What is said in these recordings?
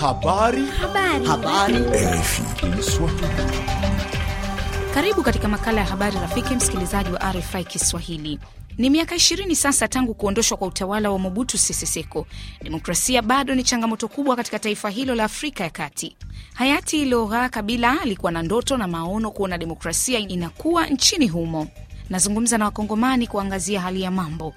Habari. Habari. Habari. Karibu katika makala ya habari rafiki msikilizaji wa RFI Kiswahili. Ni miaka 20 sasa tangu kuondoshwa kwa utawala wa Mobutu Sese Seko. Demokrasia bado ni changamoto kubwa katika taifa hilo la Afrika ya Kati. Hayati Laurent Kabila alikuwa na ndoto na maono kuona demokrasia inakuwa nchini humo. Nazungumza na Wakongomani kuangazia hali ya mambo.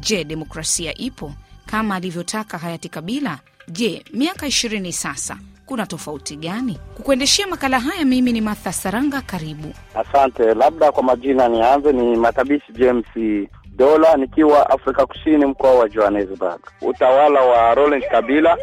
Je, demokrasia ipo kama alivyotaka hayati Kabila? Je, miaka 20 sasa kuna tofauti gani? Kukuendeshea makala haya mimi ni Martha Saranga, karibu. Asante. Labda kwa majina nianze, ni Matabishi James Dola nikiwa Afrika Kusini, mkoa wa Johannesburg. Utawala wa Roland Kabila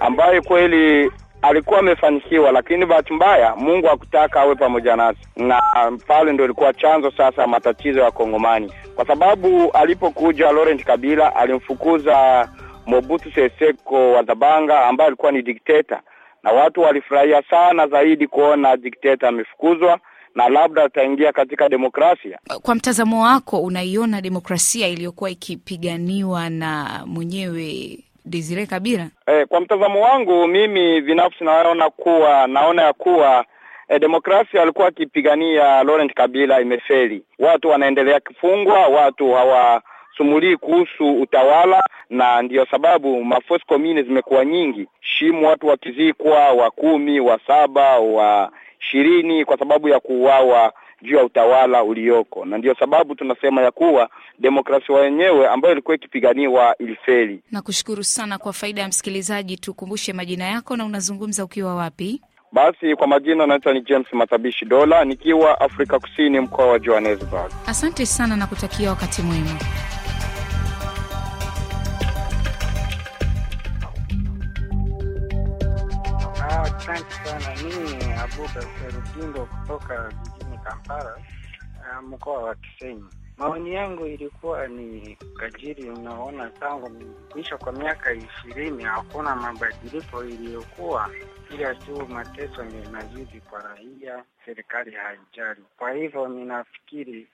ambaye kweli alikuwa amefanikiwa, lakini bahati mbaya Mungu hakutaka awe pamoja nasi, na um, pale ndo ilikuwa chanzo sasa matatizo ya Kongomani, kwa sababu alipokuja Laurent Kabila alimfukuza Mobutu Seseko wa Zabanga ambaye alikuwa ni dikteta, na watu walifurahia sana zaidi kuona dikteta amefukuzwa na labda ataingia katika demokrasia. Kwa mtazamo wako, unaiona demokrasia iliyokuwa ikipiganiwa na mwenyewe Desire Kabila? Eh, kwa mtazamo wangu mimi binafsi naona kuwa naona ya kuwa E, demokrasia alikuwa akipigania Laurent Kabila imefeli. Watu wanaendelea kufungwa, watu hawasumulii kuhusu utawala, na ndiyo sababu mafosi komini zimekuwa nyingi, shimu watu wakizikwa, wa kumi, wa saba, wa ishirini, kwa sababu ya kuuawa juu ya utawala ulioko, na ndiyo sababu tunasema ya kuwa demokrasia yenyewe ambayo ilikuwa ikipiganiwa ilifeli. Nakushukuru sana. Kwa faida ya msikilizaji, tukumbushe majina yako na unazungumza ukiwa wapi? Basi kwa majina anaitwa ni James Matabishi Dola, nikiwa Afrika Kusini, mkoa wa Johannesburg. Asante sana na kutakia wakati mwema. Asante sana. Mimi Abubakar Udindo kutoka jijini Kampala, eh, mkoa wa Kisenyi. Maoni yangu ilikuwa ni kajiri, unaona tangu mwisho kwa miaka ishirini hakuna mabadiliko iliyokuwa, ila tu mateso ni mazidi kwa raia, serikali haijali. Kwa hivyo ninafikiri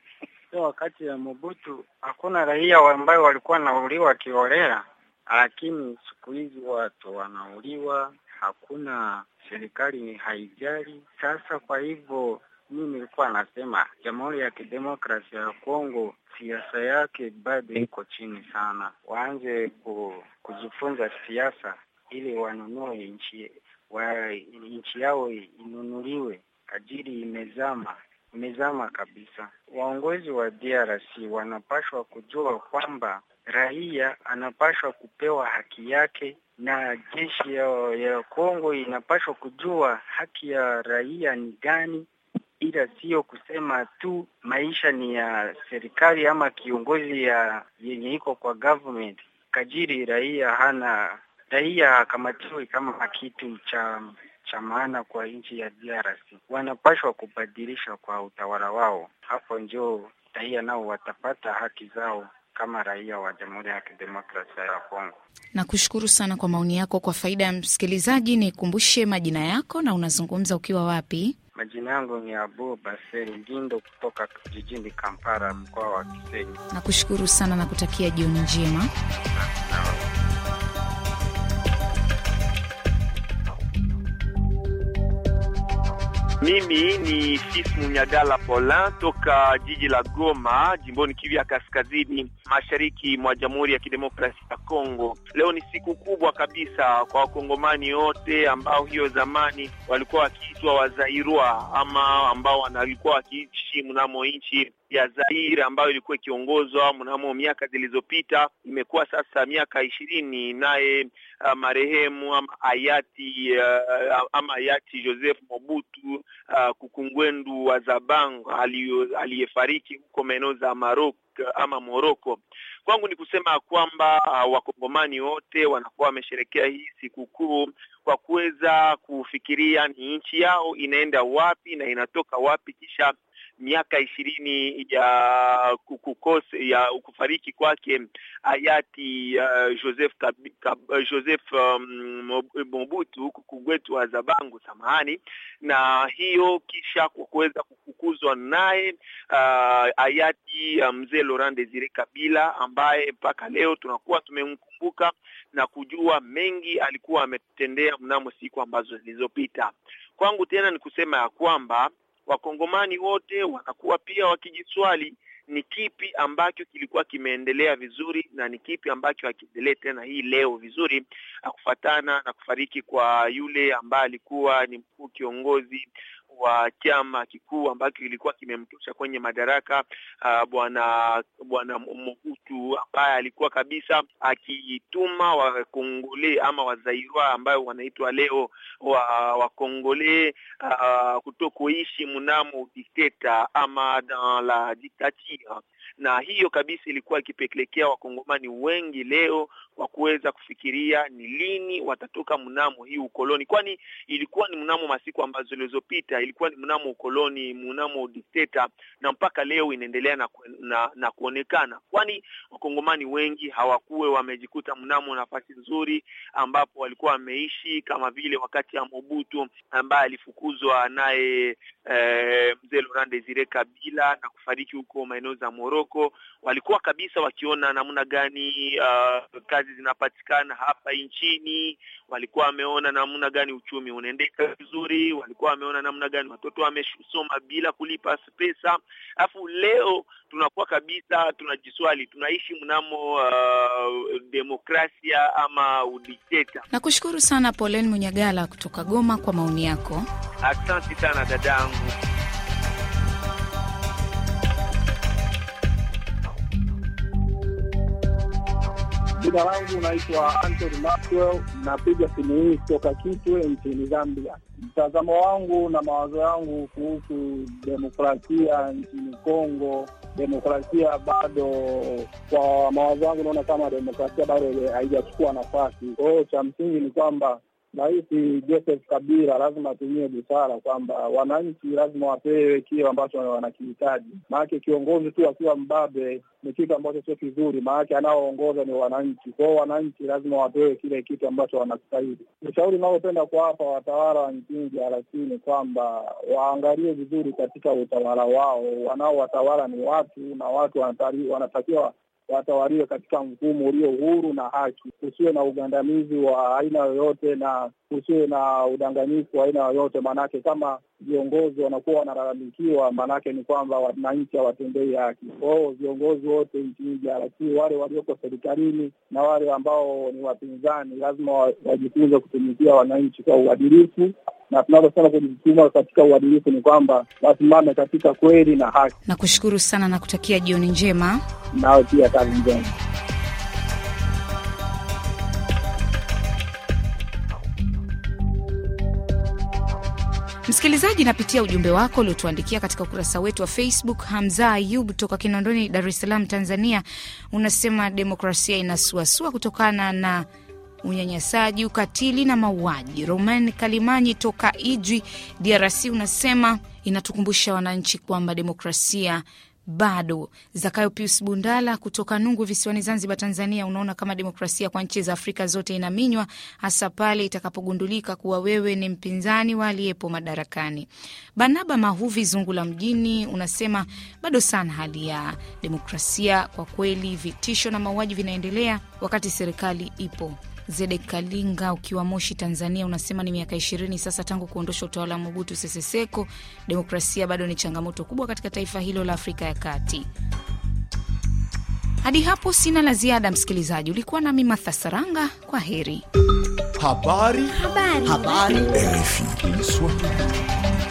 sio wakati ya Mobutu hakuna raia ambayo walikuwa wanauliwa kiholela, lakini siku hizi watu wanauliwa hakuna, serikali haijali. Sasa kwa hivyo mimi nilikuwa nasema Jamhuri ya Kidemokrasia ya Kongo siasa yake bado iko chini sana, waanze ku, kujifunza siasa ili wanunue nchi wa, nchi yao inunuliwe, ajili imezama umezama kabisa. Waongozi wa DRC wanapashwa kujua kwamba raia anapashwa kupewa haki yake na jeshi ya, ya Kongo inapashwa kujua haki ya raia ni gani, ila sio kusema tu maisha ni ya serikali ama kiongozi ya yenye iko kwa government. Kajiri raia hana raia hakamatiwi kama kitu cha cha maana kwa nchi ya DRC. Wanapashwa kubadilisha kwa utawala wao, hapo njoo raia nao watapata haki zao kama raia wa Jamhuri ya Kidemokrasia ya Kongo. Nakushukuru sana kwa maoni yako. Kwa faida ya msikilizaji, nikumbushe majina yako na unazungumza ukiwa wapi? Majina yangu ni Abu Baseri Gindo kutoka jijini Kampala, mkoa wa Kisenyi. Nakushukuru sana na kutakia jioni njema. Mimi ni Fis Munyagala Polan toka jiji la Goma, jimboni Kivu ya kaskazini mashariki mwa Jamhuri ya Kidemokrasia ya Kongo. Leo ni siku kubwa kabisa kwa wakongomani wote ambao hiyo zamani walikuwa wakiitwa Wazairwa ama ambao walikuwa wakiishi kijeshi mnamo nchi ya Zaire ambayo ilikuwa ikiongozwa mnamo miaka zilizopita, imekuwa sasa miaka ishirini, naye uh, marehemu ama hayati uh, ama hayati Joseph Mobutu uh, Kukungwendu wa Zabang aliyefariki huko maeneo za Maroko uh, ama Moroko. Kwangu ni kusema kwamba uh, wakongomani wote wanakuwa wamesherekea hii sikukuu kwa kuweza kufikiria ni nchi yao inaenda wapi na inatoka wapi, kisha miaka ishirini ya kukosa ya kufariki kwake uh, hayati uh, Joseph Kab, Kab, uh, Joseph um, Mobutu Kugwetu wa Zabangu, samahani, na hiyo kisha kwa kuweza kufukuzwa naye uh, hayati uh, mzee um, Laurent Desire Kabila ambaye mpaka leo tunakuwa tumemkumbuka na kujua mengi alikuwa ametendea mnamo siku ambazo zilizopita. Kwangu tena ni kusema ya kwamba wakongomani wote wakakuwa pia wakijiswali ni kipi ambacho kilikuwa kimeendelea vizuri na ni kipi ambacho hakiendelee tena hii leo vizuri, kufuatana na kufariki kwa yule ambaye alikuwa ni mkuu kiongozi wa chama kikuu ambacho kilikuwa kimemtosha kwenye madaraka uh, bwana bwana Mobutu ambaye alikuwa kabisa akituma wakongole ama wazairwa ambayo wanaitwa leo wa wakongole uh, ah, kutokuishi mnamo dikteta ama dans la dictature, na hiyo kabisa ilikuwa ikipelekea wakongomani wengi leo wa kuweza kufikiria ni lini watatoka mnamo hii ukoloni, kwani ilikuwa ni mnamo masiku ambazo zilizopita, ilikuwa ni mnamo ukoloni, mnamo dikteta, na mpaka leo inaendelea na, na, na kuonekana, kwani wakongomani wengi hawakuwe wamejikuta mnamo nafasi nzuri ambapo walikuwa wameishi, kama vile wakati ya Mobutu ambaye alifukuzwa naye eh, mzee Laurent Desire Kabila na kufariki huko maeneo za Moroko, walikuwa kabisa wakiona namna gani uh, kazi zinapatikana hapa nchini. Walikuwa wameona namna gani uchumi unaendeka vizuri, walikuwa wameona namna gani watoto wamesoma bila kulipa pesa. Alafu leo tunakuwa kabisa tunajiswali, tunaishi mnamo uh, demokrasia ama udikteta. Nakushukuru sana Pauline Munyagala kutoka Goma kwa maoni yako. Asante sana dadangu. Jina langu naitwa Anthony Maxwell, napiga simu hii kutoka Kitwe nchini Zambia. Mtazamo wangu na mawazo yangu kuhusu demokrasia nchini Kongo, demokrasia bado, kwa mawazo yangu, naona kama demokrasia bado haijachukua nafasi. Kwa hiyo cha msingi ni kwamba Rais Joseph Kabila lazima atumie busara kwamba wananchi lazima wapewe kile ambacho wanakihitaji. Maanake kiongozi tu akiwa mbabe ni kitu ambacho sio kizuri, maanake anaoongoza ni wananchi. kwao wananchi lazima wapewe kile kitu ambacho wanastahili. Ushauri unaopenda kuwapa watawala wa nchini DRC ni kwamba waangalie vizuri katika utawala wao, wanaowatawala ni watu na watu wanatakiwa watawaliwe katika mfumo ulio huru na haki, kusiwe na ugandamizi wa aina yoyote na kusiwe na udanganyifu wa aina yoyote. Maanake kama viongozi wanakuwa wanalalamikiwa, maanake ni kwamba wananchi hawatendei haki. Kwao viongozi wote nchini DRC, wale walioko serikalini na wale ambao ni wapinzani, lazima wajifunze kutumikia wananchi kwa uadilifu, na tunavyosema kujituma katika uadilifu ni kwamba wasimame katika kweli na haki. Nakushukuru sana na kutakia jioni njema, nawe pia kazi njema. Msikilizaji, napitia ujumbe wako uliotuandikia katika ukurasa wetu wa Facebook. Hamza Ayub toka Kinondoni, Dar es Salaam, Tanzania, unasema demokrasia inasuasua kutokana na unyanyasaji, ukatili na mauaji. roman Kalimanyi toka Ijwi, DRC, unasema inatukumbusha wananchi kwamba demokrasia bado. Zakayo Pius Bundala kutoka Nungu visiwani Zanzibar, Tanzania, unaona kama demokrasia kwa nchi za Afrika zote inaminywa, hasa pale itakapogundulika kuwa wewe ni mpinzani wa aliyepo madarakani. Banaba Mahuvi Zungula mjini unasema bado sana hali ya demokrasia kwa kweli, vitisho na mauaji vinaendelea wakati serikali ipo Zede Kalinga ukiwa Moshi, Tanzania, unasema ni miaka ishirini sasa tangu kuondosha utawala wa Mobutu Sese Seko, demokrasia bado ni changamoto kubwa katika taifa hilo la Afrika ya Kati. Hadi hapo sina la ziada, msikilizaji. Ulikuwa nami Matha Saranga, kwa heri. Habari. Habari. Habari. Habari.